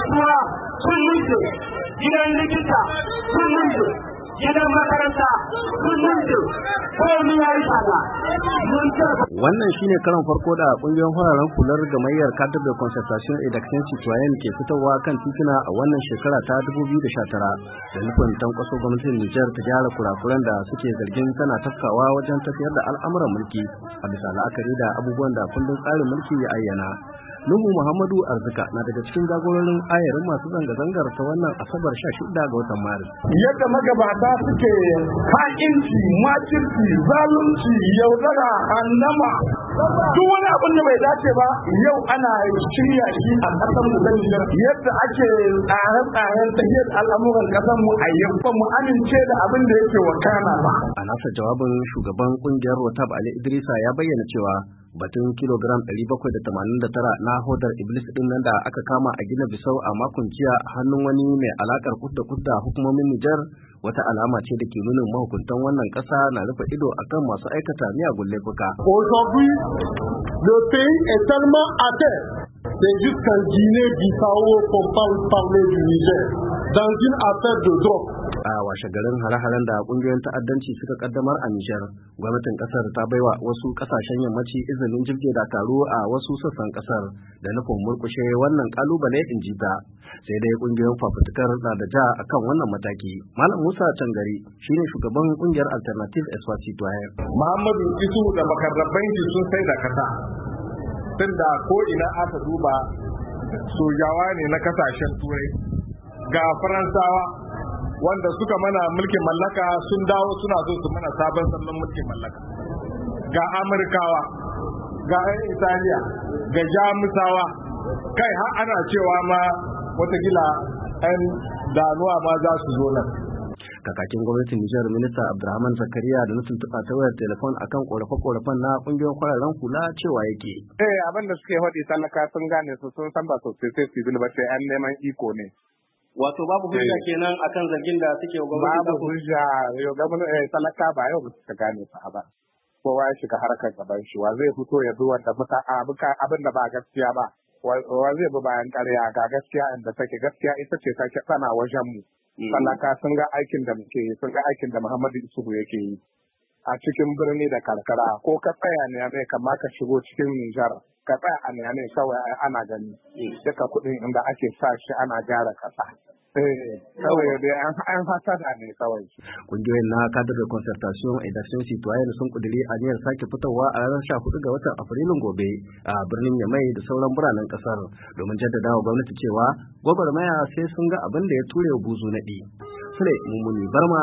kasuwa sun ne gidan likita sun gidan makaranta sun komi ya yi wannan shine karan farko da kungiyoyin fararen kular gamayyar kadar da concertation et d'action citoyen ke fitowa kan tituna a wannan shekara ta 2019 da nufin tankwaso gwamnatin Nijar ta gyara kurakuran da suke zargin tana tafkawa wajen tafiyar da al'amuran mulki a bisa la'akari da abubuwan da kundin tsarin mulki ya ayyana Nuhu Muhammadu Arzika na daga cikin jagororin ayarin masu zanga-zangar ta wannan Asabar 16 ga watan Maris. Yadda magabata suke ha'inci, makirci, zalunci, yaudara, annama, duk wani abin da bai dace ba yau ana shirya shi a ƙasar mu Yadda ake tsare-tsaren tafiyar al'amuran ƙasar mu a yau ba mu amince da abin da yake wakana ba. A nasa jawabin shugaban kungiyar Rotab Ali Idrisa ya bayyana cewa batun kilogram 789 na hodar iblis din nan da aka kama a gina bisau a makon jiya hannun wani mai alakar kudda kudda hukumomin nijar wata alama ce da ke nuna mahukuntan wannan kasa na rufe ido akan masu aikata miyagun laifuka le pays est tellement dans une affaire de drogue a washe garin hare-haren da kungiyoyin ta'addanci suka kaddamar a Nijar, gwamnatin kasar ta baiwa wasu kasashen yammaci izinin da taro a wasu sassan kasar da nufin murkushe wannan kalubale in ji Sai dai kungiyoyin fafutukar na da ja akan wannan mataki. Malam Musa Tangari shine shugaban kungiyar Alternative Eswati Tuwaye. Muhammadu Isu da makarraban sun sai da kasa. Tunda ko ina aka duba sojawa ne na kasashen turai ga faransawa wanda suka mana mulkin mallaka sun dawo suna so su mana sabon sallon mulkin mallaka ga amurkawa ga 'yan italiya ga jamusawa kai har ana cewa ma watakila 'yan danuwa ma za su zo nan kakakin gwamnatin Nijar minista Abdulrahman Zakariya da na tuka ta wayar telefon akan korafe-korafen na ƙungiyar kwararren kula cewa yake. Eh abin da suke faɗi talaka sun gane su sun san ba sosai sai su ba sai an neman iko ne. wato babu hujja eh. kenan akan zargin da suke wa gwamnati babu hujja yau gwamnati eh talaka ba yau ba su gane fa ba kowa ya shiga harkar gaban shi wa zai fito ya bi wanda muka abin da ba gaskiya ba wa zai bi bayan ƙarya ga gaskiya inda take gaskiya ita ce take tsana wajen mu mm. talaka sun ga aikin da muke yi sun ga aikin da Muhammadu Isuhu yake yi a cikin birni da karkara ko ka tsaya ne mai kamar ka shigo cikin Nijar ka tsaya a ne kawai ana gani eh. duka kuɗin inda ake sa shi ana gyara ƙasa. Eh. kawai dai an hasada ne Kungiyoyin na kadar da concertation et d'action citoyenne sun kudiri aniyar sake fitowa a ranar 14 ga watan Afrilun gobe a birnin Yamai da sauran biranen kasar domin jaddada wa gwamnati cewa gwagwarmaya sai sun ga abin da ya ture buzu naɗi. Sule Mummuni Barma